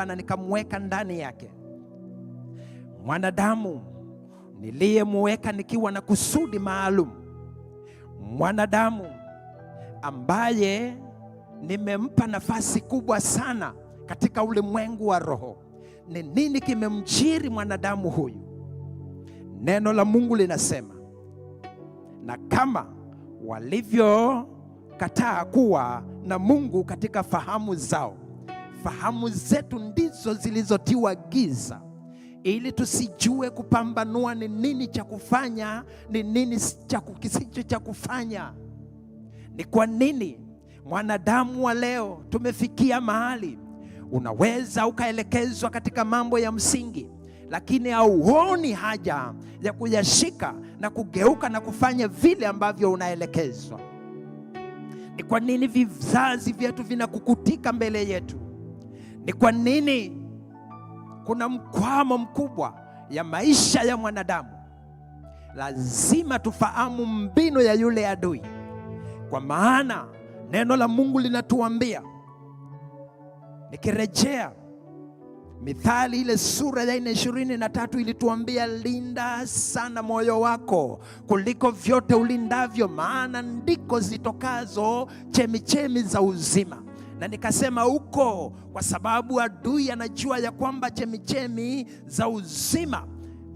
Baba na nikamweka ndani yake. Mwanadamu niliyemweka nikiwa na kusudi maalum, mwanadamu ambaye nimempa nafasi kubwa sana katika ulimwengu wa roho. Ni nini kimemjiri mwanadamu huyu? Neno la Mungu linasema, na kama walivyokataa kuwa na Mungu katika fahamu zao, Fahamu zetu ndizo zilizotiwa giza ili tusijue kupambanua ni nini cha kufanya, ni nini cha kisicho cha kufanya. Ni kwa nini mwanadamu wa leo tumefikia mahali unaweza ukaelekezwa katika mambo ya msingi, lakini hauoni haja ya kuyashika na kugeuka na kufanya vile ambavyo unaelekezwa. Ni kwa nini vizazi vyetu vinakukutika mbele yetu ni kwa nini kuna mkwamo mkubwa ya maisha ya mwanadamu? Lazima tufahamu mbinu ya yule adui, kwa maana neno la Mungu linatuambia, nikirejea Mithali ile sura ya nne ishirini na tatu ilituambia linda sana moyo wako kuliko vyote ulindavyo, maana ndiko zitokazo chemichemi za uzima na nikasema huko, kwa sababu adui anajua ya kwamba chemichemi za uzima,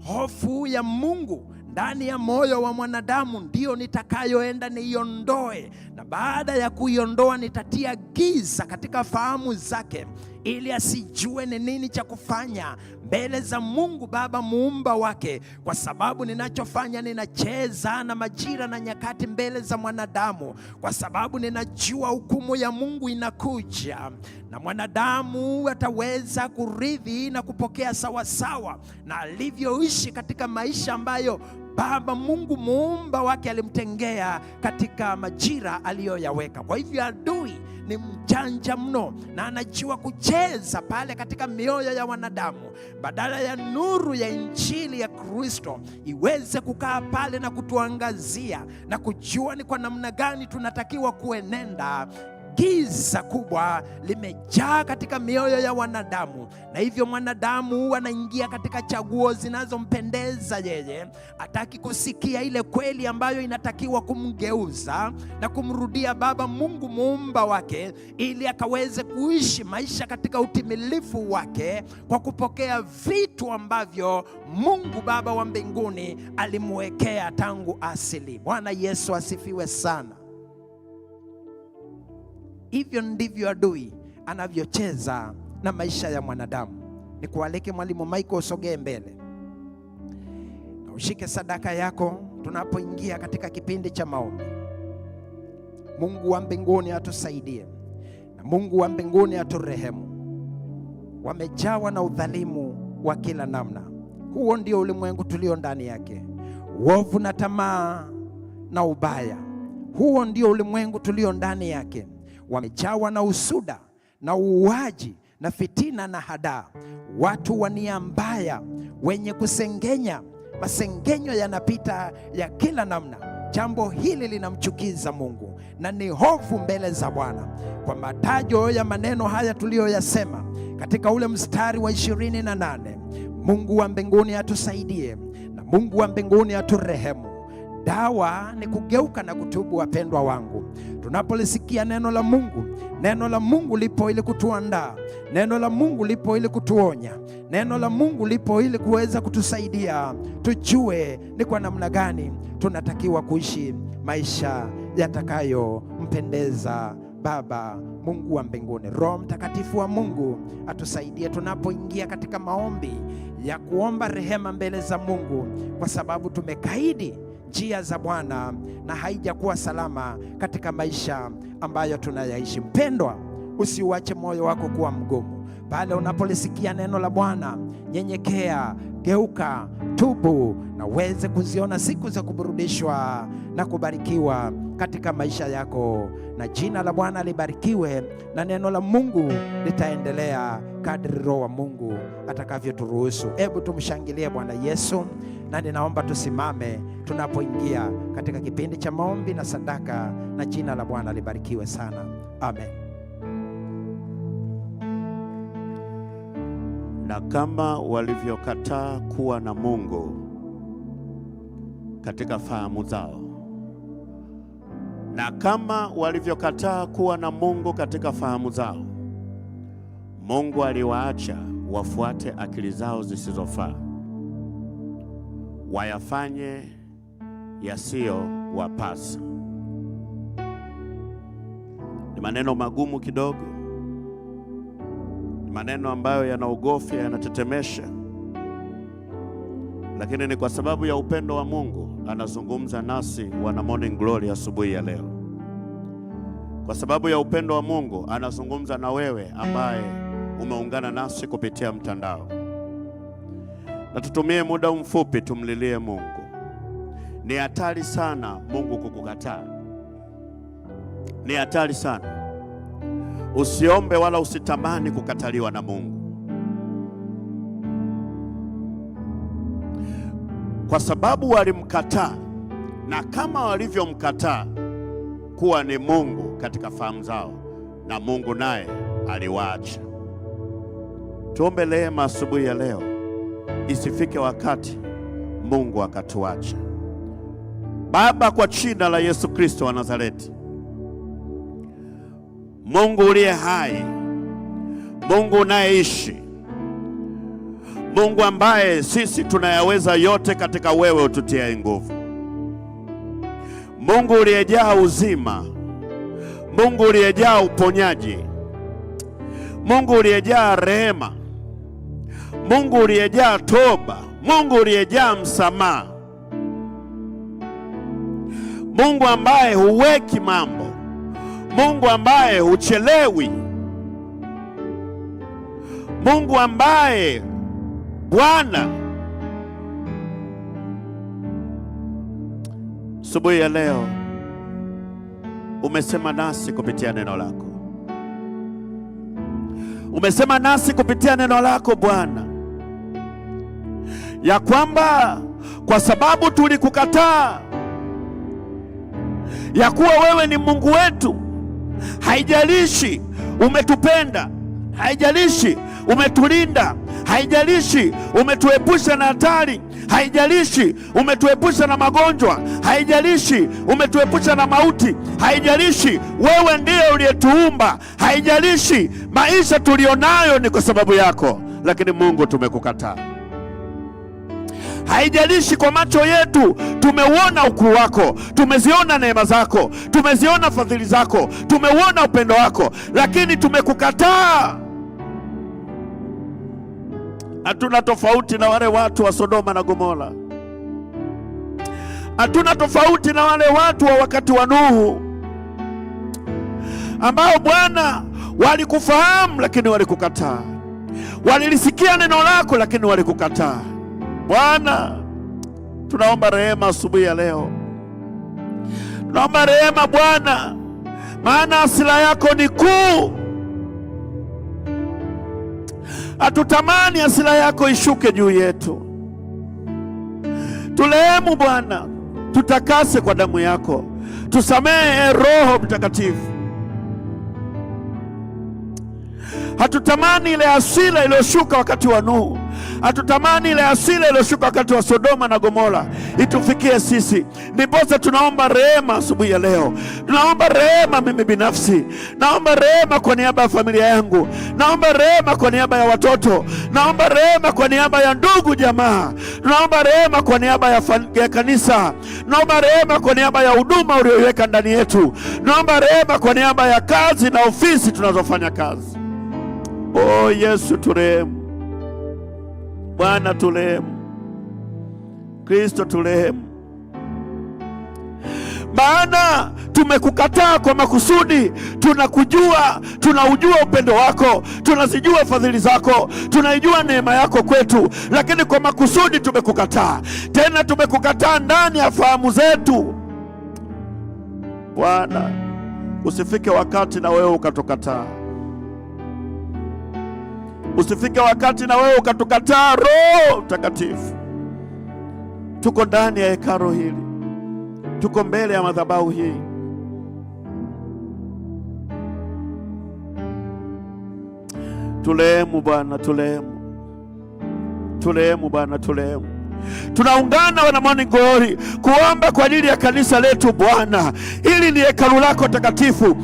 hofu ya Mungu ndani ya moyo wa mwanadamu ndiyo nitakayoenda niiondoe, na baada ya kuiondoa nitatia giza katika fahamu zake, ili asijue ni nini cha kufanya, mbele za Mungu Baba muumba wake, kwa sababu ninachofanya ninacheza na majira na nyakati mbele za mwanadamu, kwa sababu ninajua hukumu ya Mungu inakuja, na mwanadamu ataweza kuridhi na kupokea sawasawa na alivyoishi katika maisha ambayo Baba Mungu muumba wake alimtengea katika majira aliyoyaweka. Kwa hivyo adui ni mjanja mno na anajua kucheza pale katika mioyo ya wanadamu, badala ya nuru ya injili ya Kristo iweze kukaa pale na kutuangazia na kujua ni kwa namna gani tunatakiwa kuenenda giza kubwa limejaa katika mioyo ya wanadamu, na hivyo mwanadamu anaingia katika chaguo zinazompendeza yeye. Hataki kusikia ile kweli ambayo inatakiwa kumgeuza na kumrudia Baba Mungu muumba wake, ili akaweze kuishi maisha katika utimilifu wake kwa kupokea vitu ambavyo Mungu Baba wa mbinguni alimwekea tangu asili. Bwana Yesu asifiwe sana. Hivyo ndivyo adui anavyocheza na maisha ya mwanadamu. Ni kualike mwalimu Michael, usogee mbele na ushike sadaka yako tunapoingia katika kipindi cha maombi. Mungu wa mbinguni atusaidie na Mungu wa mbinguni aturehemu. Wamejawa na udhalimu wa kila namna, huo ndio ulimwengu tulio ndani yake, uovu na tamaa na ubaya. Huo ndio ulimwengu tulio ndani yake wamejawa na usuda na uuaji na fitina na hadaa, watu wa nia mbaya, wenye kusengenya. Masengenyo yanapita ya kila namna. Jambo hili linamchukiza Mungu na ni hofu mbele za Bwana. Kwa matajo ya maneno haya tuliyoyasema katika ule mstari wa ishirini na nane, Mungu wa mbinguni atusaidie na Mungu wa mbinguni aturehemu. Dawa ni kugeuka na kutubu, wapendwa wangu. Tunapolisikia neno la Mungu, neno la Mungu lipo ili kutuandaa, neno la Mungu lipo ili kutuonya, neno la Mungu lipo ili kuweza kutusaidia tujue ni kwa namna gani tunatakiwa kuishi maisha yatakayompendeza Baba Mungu wa mbinguni. Roho Mtakatifu wa Mungu atusaidie tunapoingia katika maombi ya kuomba rehema mbele za Mungu, kwa sababu tumekaidi njia za Bwana na haijakuwa salama katika maisha ambayo tunayaishi. Mpendwa, usiuache moyo wako kuwa mgumu. Pale unapolisikia neno la Bwana, nyenyekea, geuka, tubu na uweze kuziona siku za kuburudishwa na kubarikiwa katika maisha yako, na jina la Bwana libarikiwe, na neno la Mungu litaendelea kadri Roho wa Mungu atakavyoturuhusu. Hebu tumshangilie Bwana Yesu, na ninaomba tusimame tunapoingia katika kipindi cha maombi na sadaka, na jina la Bwana libarikiwe sana. Amen. Na kama walivyokataa kuwa na Mungu katika fahamu zao na kama walivyokataa kuwa na Mungu katika fahamu zao, Mungu aliwaacha wafuate akili zao zisizofaa, wayafanye yasiyowapasa. Ni maneno magumu kidogo, ni maneno ambayo yanaogofya, yanatetemesha, lakini ni kwa sababu ya upendo wa Mungu anazungumza nasi wana Morning Glory asubuhi ya, leo. Kwa sababu ya upendo wa Mungu anazungumza na wewe ambaye umeungana nasi kupitia mtandao, na tutumie muda mfupi tumlilie Mungu. Ni hatari sana Mungu kukukataa, ni hatari sana. Usiombe wala usitamani kukataliwa na Mungu. kwa sababu walimkataa, na kama walivyomkataa kuwa ni Mungu katika fahamu zao, na Mungu naye aliwaacha. Tuombe rehema asubuhi ya leo, isifike wakati Mungu akatuacha. Baba, kwa jina la Yesu Kristo wa Nazareti, Mungu uliye hai, Mungu unayeishi Mungu ambaye sisi tunayaweza yote katika wewe ututie nguvu, Mungu uliyejaa uzima, Mungu uliyejaa uponyaji, Mungu uliyejaa rehema, Mungu uliyejaa toba, Mungu uliyejaa msamaha, Mungu ambaye huweki mambo, Mungu ambaye huchelewi, Mungu ambaye Bwana, asubuhi ya leo umesema nasi kupitia neno lako, umesema nasi kupitia neno lako Bwana, ya kwamba kwa sababu tulikukataa, ya kuwa wewe ni Mungu wetu, haijalishi umetupenda, haijalishi umetulinda Haijalishi umetuepusha na hatari, haijalishi umetuepusha na magonjwa, haijalishi umetuepusha na mauti, haijalishi wewe ndiye uliyetuumba, haijalishi maisha tuliyonayo ni kwa sababu yako, lakini Mungu tumekukataa. Haijalishi kwa macho yetu tumeuona ukuu wako, tumeziona neema zako, tumeziona fadhili zako, tumeuona upendo wako, lakini tumekukataa. Hatuna tofauti na wale watu wa Sodoma na Gomora. Hatuna tofauti na wale watu wa wakati wa Nuhu ambao Bwana walikufahamu lakini walikukataa, walilisikia neno lako lakini walikukataa. Bwana, tunaomba rehema asubuhi ya leo, tunaomba rehema Bwana, maana asila yako ni kuu Hatutamani hasira yako ishuke juu yetu. Tulehemu Bwana, tutakase kwa damu yako, tusamehe eh, Roho Mtakatifu. Hatutamani ile hasira iliyoshuka wakati wa Nuhu. Hatutamani ile hasira iliyoshuka wakati wa Sodoma na Gomora itufikie sisi. Ndiposa tunaomba rehema asubuhi ya leo, tunaomba rehema. Mimi binafsi naomba rehema kwa niaba ya familia yangu, naomba rehema kwa niaba ya watoto, naomba rehema kwa niaba ya ndugu jamaa, tunaomba rehema kwa niaba ya, ya kanisa, naomba rehema kwa niaba ya huduma ulioiweka ndani yetu, naomba rehema kwa niaba ya kazi na ofisi tunazofanya kazi. O oh, Yesu turehemu. Bwana tulehemu, Kristo tulehemu, maana tumekukataa kwa makusudi. Tunakujua, tunaujua upendo wako, tunazijua fadhili zako, tunaijua neema yako kwetu, lakini kwa makusudi tumekukataa. Tena tumekukataa ndani ya fahamu zetu. Bwana, usifike wakati na wewe ukatukataa. Usifike wakati na wewe ukatukataa Roho Mtakatifu. Tuko ndani ya hekaro hili, tuko mbele ya madhabahu hii. tulemu Bwana, tulehemu, tulemu Bwana, tulehemu. Tunaungana wana Morning kuomba kwa ajili ya kanisa letu Bwana. Hili ni hekalu lako takatifu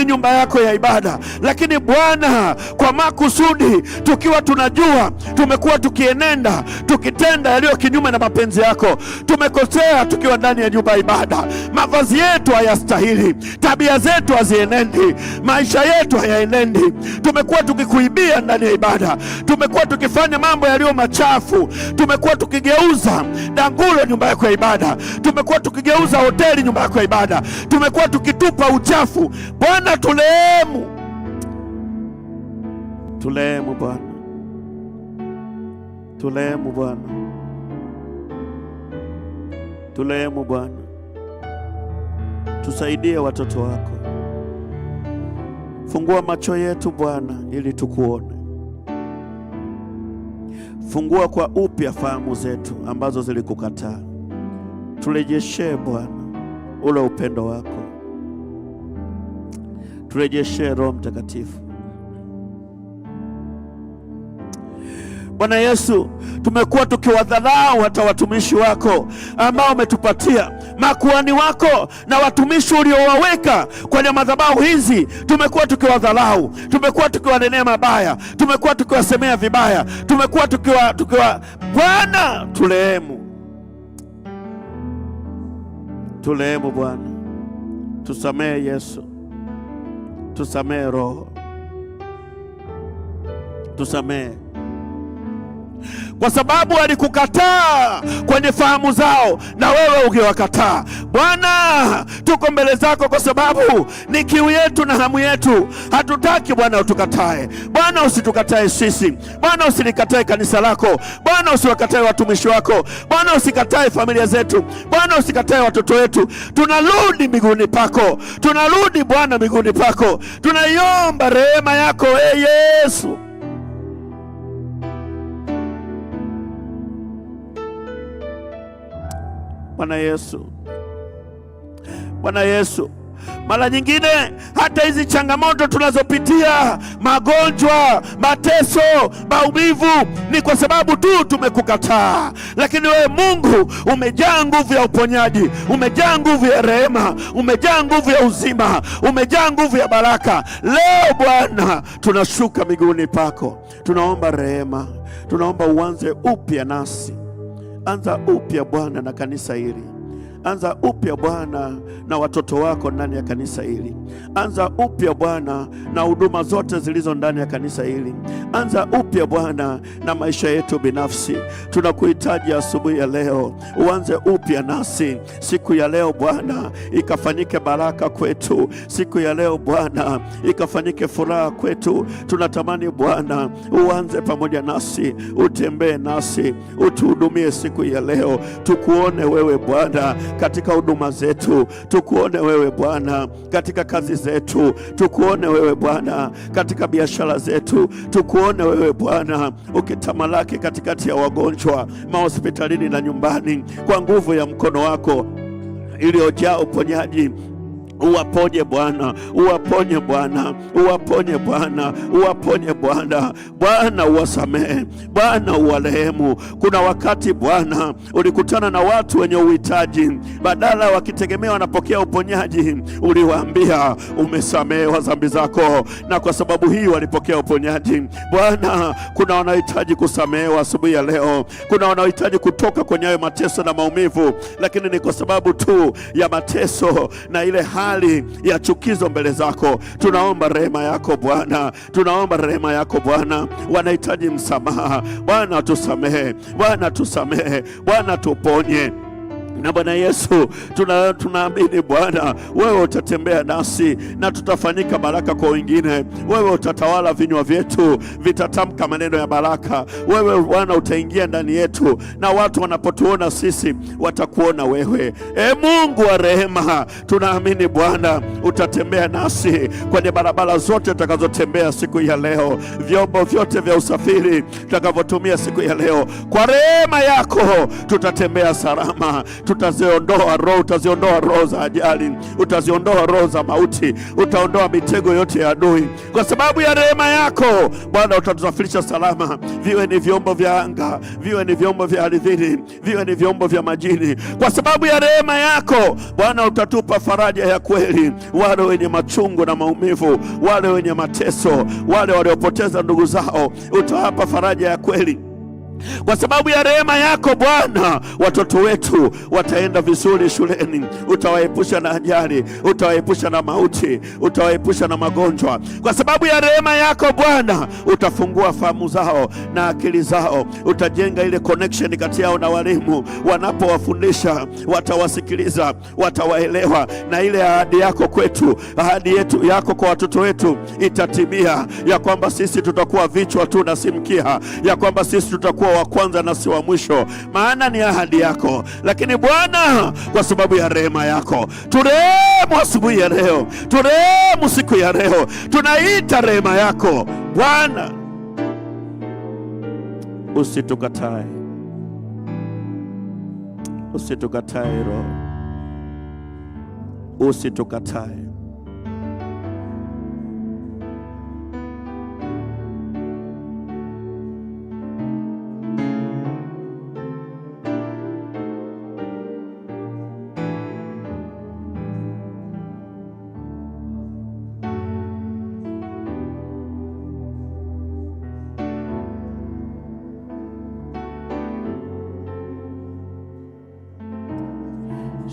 ni nyumba yako ya ibada. Lakini Bwana, kwa makusudi, tukiwa tunajua tumekuwa tukienenda tukitenda yaliyo kinyume na mapenzi yako, tumekosea tukiwa ndani ya nyumba ya ibada. Mavazi yetu hayastahili, tabia zetu hazienendi, maisha yetu hayaenendi. Tumekuwa tukikuibia ndani ya ibada, tumekuwa tukifanya mambo yaliyo machafu, tumekuwa tukigeuza dangulo nyumba yako ya ibada, tumekuwa tukigeuza hoteli nyumba yako ya ibada, tumekuwa tukitupa uchafu Bwana. Bwana tulehemu, tulehemu Bwana, tulehemu Bwana, tulehemu Bwana, tusaidie watoto wako. Fungua macho yetu Bwana ili tukuone. Fungua kwa upya fahamu zetu ambazo zilikukataa. Turejeshee Bwana ule upendo wako turejeshe Roho Mtakatifu. Bwana Yesu, tumekuwa tukiwadharau hata watumishi wako ambao umetupatia makuani wako na watumishi uliowaweka kwenye madhabahu hizi. Tumekuwa tukiwadharau, tumekuwa tukiwanenea mabaya, tumekuwa tukiwasemea vibaya, tumekuwa tukiwa tukiwa. Bwana turehemu, turehemu Bwana, tusamehe Yesu tusamehe Roho, tusamehe kwa sababu walikukataa kwenye fahamu zao, na wewe ungewakataa. Bwana, tuko mbele zako kwa sababu ni kiu yetu na hamu yetu. Hatutaki Bwana utukatae. Bwana, usitukatae sisi. Bwana, usilikatae kanisa lako. Bwana, usiwakatae watumishi wako. Bwana, usikatae familia zetu. Bwana, usikatae watoto wetu. Tunarudi miguuni pako, tunarudi Bwana miguuni pako, tunaiomba rehema yako, e ee hey Yesu. Bwana Yesu, Bwana Yesu. Mara nyingine hata hizi changamoto tunazopitia, magonjwa, mateso, maumivu, ni kwa sababu tu tumekukataa. Lakini wewe Mungu umejaa nguvu ya uponyaji, umejaa nguvu ya rehema, umejaa nguvu ya uzima, umejaa nguvu ya baraka. Leo Bwana, tunashuka miguuni pako, tunaomba rehema, tunaomba uanze upya nasi anza upya Bwana na kanisa hili. Anza upya Bwana na watoto wako ndani ya kanisa hili. Anza upya Bwana na huduma zote zilizo ndani ya kanisa hili. Anza upya Bwana na maisha yetu binafsi. Tunakuhitaji asubuhi ya leo, uanze upya nasi siku ya leo Bwana, ikafanyike baraka kwetu siku ya leo Bwana, ikafanyike furaha kwetu. Tunatamani Bwana uanze pamoja nasi, utembee nasi, utuhudumie siku ya leo, tukuone wewe Bwana katika huduma zetu, tukuone wewe Bwana katika kazi zetu, tukuone wewe Bwana katika biashara zetu, tukuone wewe Bwana ukitamalaki katikati ya wagonjwa mahospitalini na nyumbani, kwa nguvu ya mkono wako iliyojaa uponyaji Uwaponye Bwana, uwaponye Bwana, uwaponye Bwana, uwaponye Bwana. Bwana uwasamehe, Bwana uwarehemu. Kuna wakati Bwana ulikutana na watu wenye uhitaji, badala wakitegemea wanapokea uponyaji, uliwaambia umesamehewa dhambi zako, na kwa sababu hii walipokea uponyaji. Bwana, kuna wanaohitaji kusamehewa asubuhi ya leo, kuna wanaohitaji kutoka kwenye hayo mateso na maumivu, lakini ni kwa sababu tu ya mateso na ile hali hali ya chukizo mbele zako. Tunaomba rehema yako Bwana, tunaomba rehema yako Bwana. Wanahitaji msamaha Bwana, tusamehe Bwana, tusamehe Bwana, tuponye na Bwana Yesu tuna, tunaamini Bwana wewe utatembea nasi na tutafanyika baraka kwa wengine. Wewe utatawala, vinywa vyetu vitatamka maneno ya baraka. Wewe Bwana utaingia ndani yetu, na watu wanapotuona sisi watakuona wewe. E Mungu wa rehema, tunaamini Bwana utatembea nasi kwenye barabara zote tutakazotembea siku ya leo, vyombo vyote vya usafiri tutakavyotumia siku ya leo, kwa rehema yako tutatembea salama tutaziondoa roho, utaziondoa roho za ajali, utaziondoa roho za mauti, utaondoa mitego yote ya adui. Kwa sababu ya rehema yako Bwana utatusafirisha salama, viwe ni vyombo vya anga, viwe ni vyombo vya ardhini, viwe ni vyombo vya majini. Kwa sababu ya rehema yako Bwana utatupa faraja ya kweli, wale wenye machungu na maumivu, wale wenye mateso, wale waliopoteza ndugu zao, utawapa faraja ya kweli. Kwa sababu ya rehema yako Bwana, watoto wetu wataenda vizuri shuleni. Utawaepusha na ajali, utawaepusha na mauti, utawaepusha na magonjwa. Kwa sababu ya rehema yako Bwana, utafungua fahamu zao na akili zao. Utajenga ile connection kati yao na walimu. Wanapowafundisha watawasikiliza, watawaelewa, na ile ahadi yako kwetu, ahadi yetu yako kwa watoto wetu itatimia, ya kwamba sisi tutakuwa vichwa tu na si mkia, ya kwamba sisi tutakuwa kuwa wa kwanza na si wa mwisho, maana ni ahadi yako. Lakini Bwana, kwa sababu ya rehema yako, turehemu asubuhi ya leo, turehemu siku ya leo, tunaita rehema yako Bwana, usitukatae, usitukatae Roho, usitukatae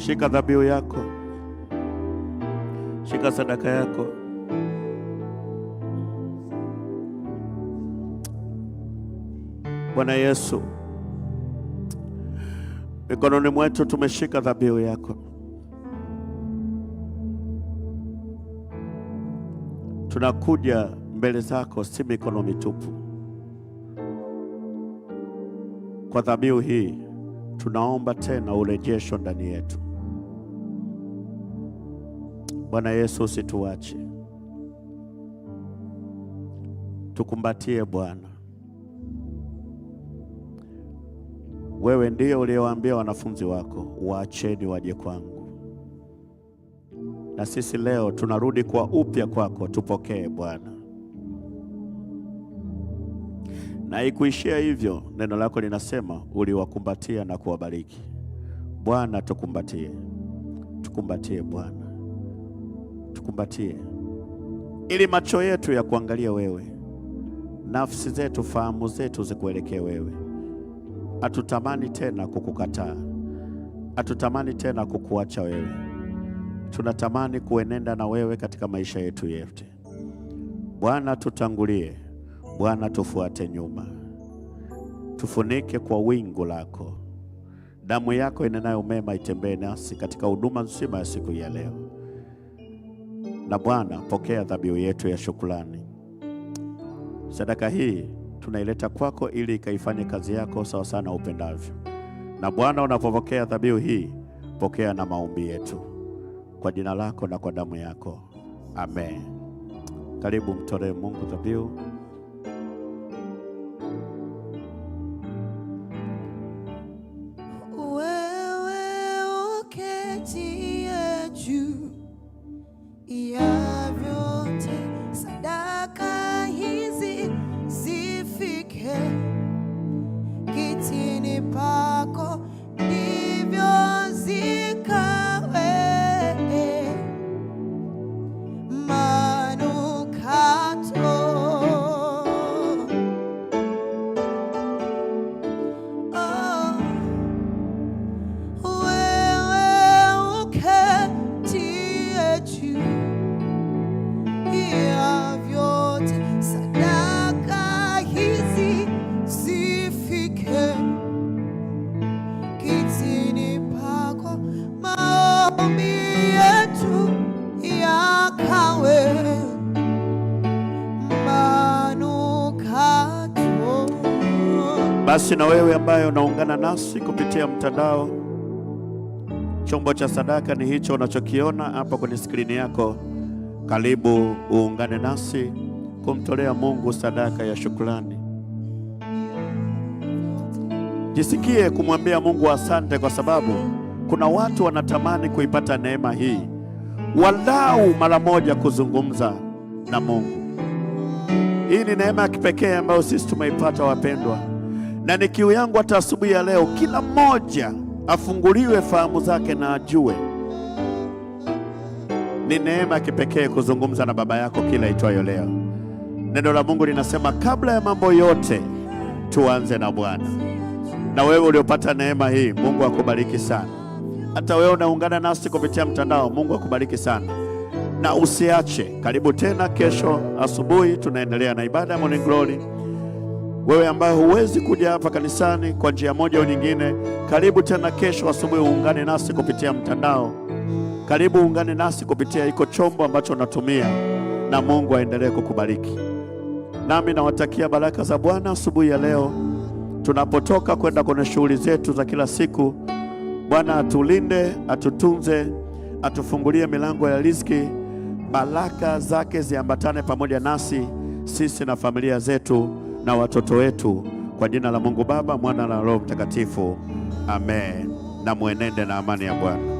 Shika dhabihu yako, shika sadaka yako. Bwana Yesu, mikononi mwetu tumeshika dhabihu yako, tunakuja mbele zako si mikono mitupu. Kwa dhabihu hii tunaomba tena urejesho ndani yetu Bwana Yesu usituache, tukumbatie Bwana. Wewe ndiye uliyewaambia wanafunzi wako, waacheni waje kwangu, na sisi leo tunarudi kwa upya kwako. Tupokee Bwana, na ikuishia hivyo. Neno lako linasema uliwakumbatia na kuwabariki. Bwana tukumbatie, tukumbatie Bwana tukukumbatie, ili macho yetu ya kuangalia wewe, nafsi zetu, fahamu zetu zikuelekee wewe. Hatutamani tena kukukataa, hatutamani tena kukuacha wewe, tunatamani kuenenda na wewe katika maisha yetu yote. Bwana tutangulie, Bwana tufuate nyuma, tufunike kwa wingu lako. Damu yako inenayo mema itembee nasi katika huduma nzima ya siku ya leo. Na Bwana, pokea dhabihu yetu ya shukrani. Sadaka hii tunaileta kwako ili ikaifanye kazi yako sawa sana upendavyo. Na Bwana, unapopokea dhabihu hii, pokea na maombi yetu kwa jina lako na kwa damu yako, amen. Karibu mtolee Mungu dhabihu. Wewe uketi Yeah. nasi na wewe ambaye unaungana nasi kupitia mtandao. Chombo cha sadaka ni hicho unachokiona hapa kwenye skrini yako. Karibu uungane nasi kumtolea Mungu sadaka ya shukrani. Jisikie kumwambia Mungu asante, kwa sababu kuna watu wanatamani kuipata neema hii, walau mara moja kuzungumza na Mungu. Hii ni neema ya kipekee ambayo sisi tumeipata, wapendwa na ni kiu yangu hata asubuhi ya leo, kila mmoja afunguliwe fahamu zake na ajue ni neema ya kipekee kuzungumza na baba yako kila itwayo leo. Neno la Mungu linasema kabla ya mambo yote tuanze na Bwana. Na wewe uliopata neema hii, Mungu akubariki sana. Hata wewe unaungana nasi kupitia mtandao, Mungu akubariki sana, na usiache. Karibu tena kesho asubuhi, tunaendelea na ibada ya Morning Glory. Wewe ambaye huwezi kuja hapa kanisani kwa njia moja au nyingine, karibu tena kesho asubuhi uungane nasi kupitia mtandao. Karibu uungane nasi kupitia iko chombo ambacho unatumia, na Mungu aendelee kukubariki. Nami nawatakia baraka za Bwana asubuhi ya leo, tunapotoka kwenda kwenye shughuli zetu za kila siku. Bwana atulinde, atutunze, atufungulie milango ya riziki, baraka zake ziambatane pamoja nasi sisi na familia zetu na watoto wetu, kwa jina la Mungu Baba, Mwana na Roho Mtakatifu, amen. Na mwenende na amani ya Bwana.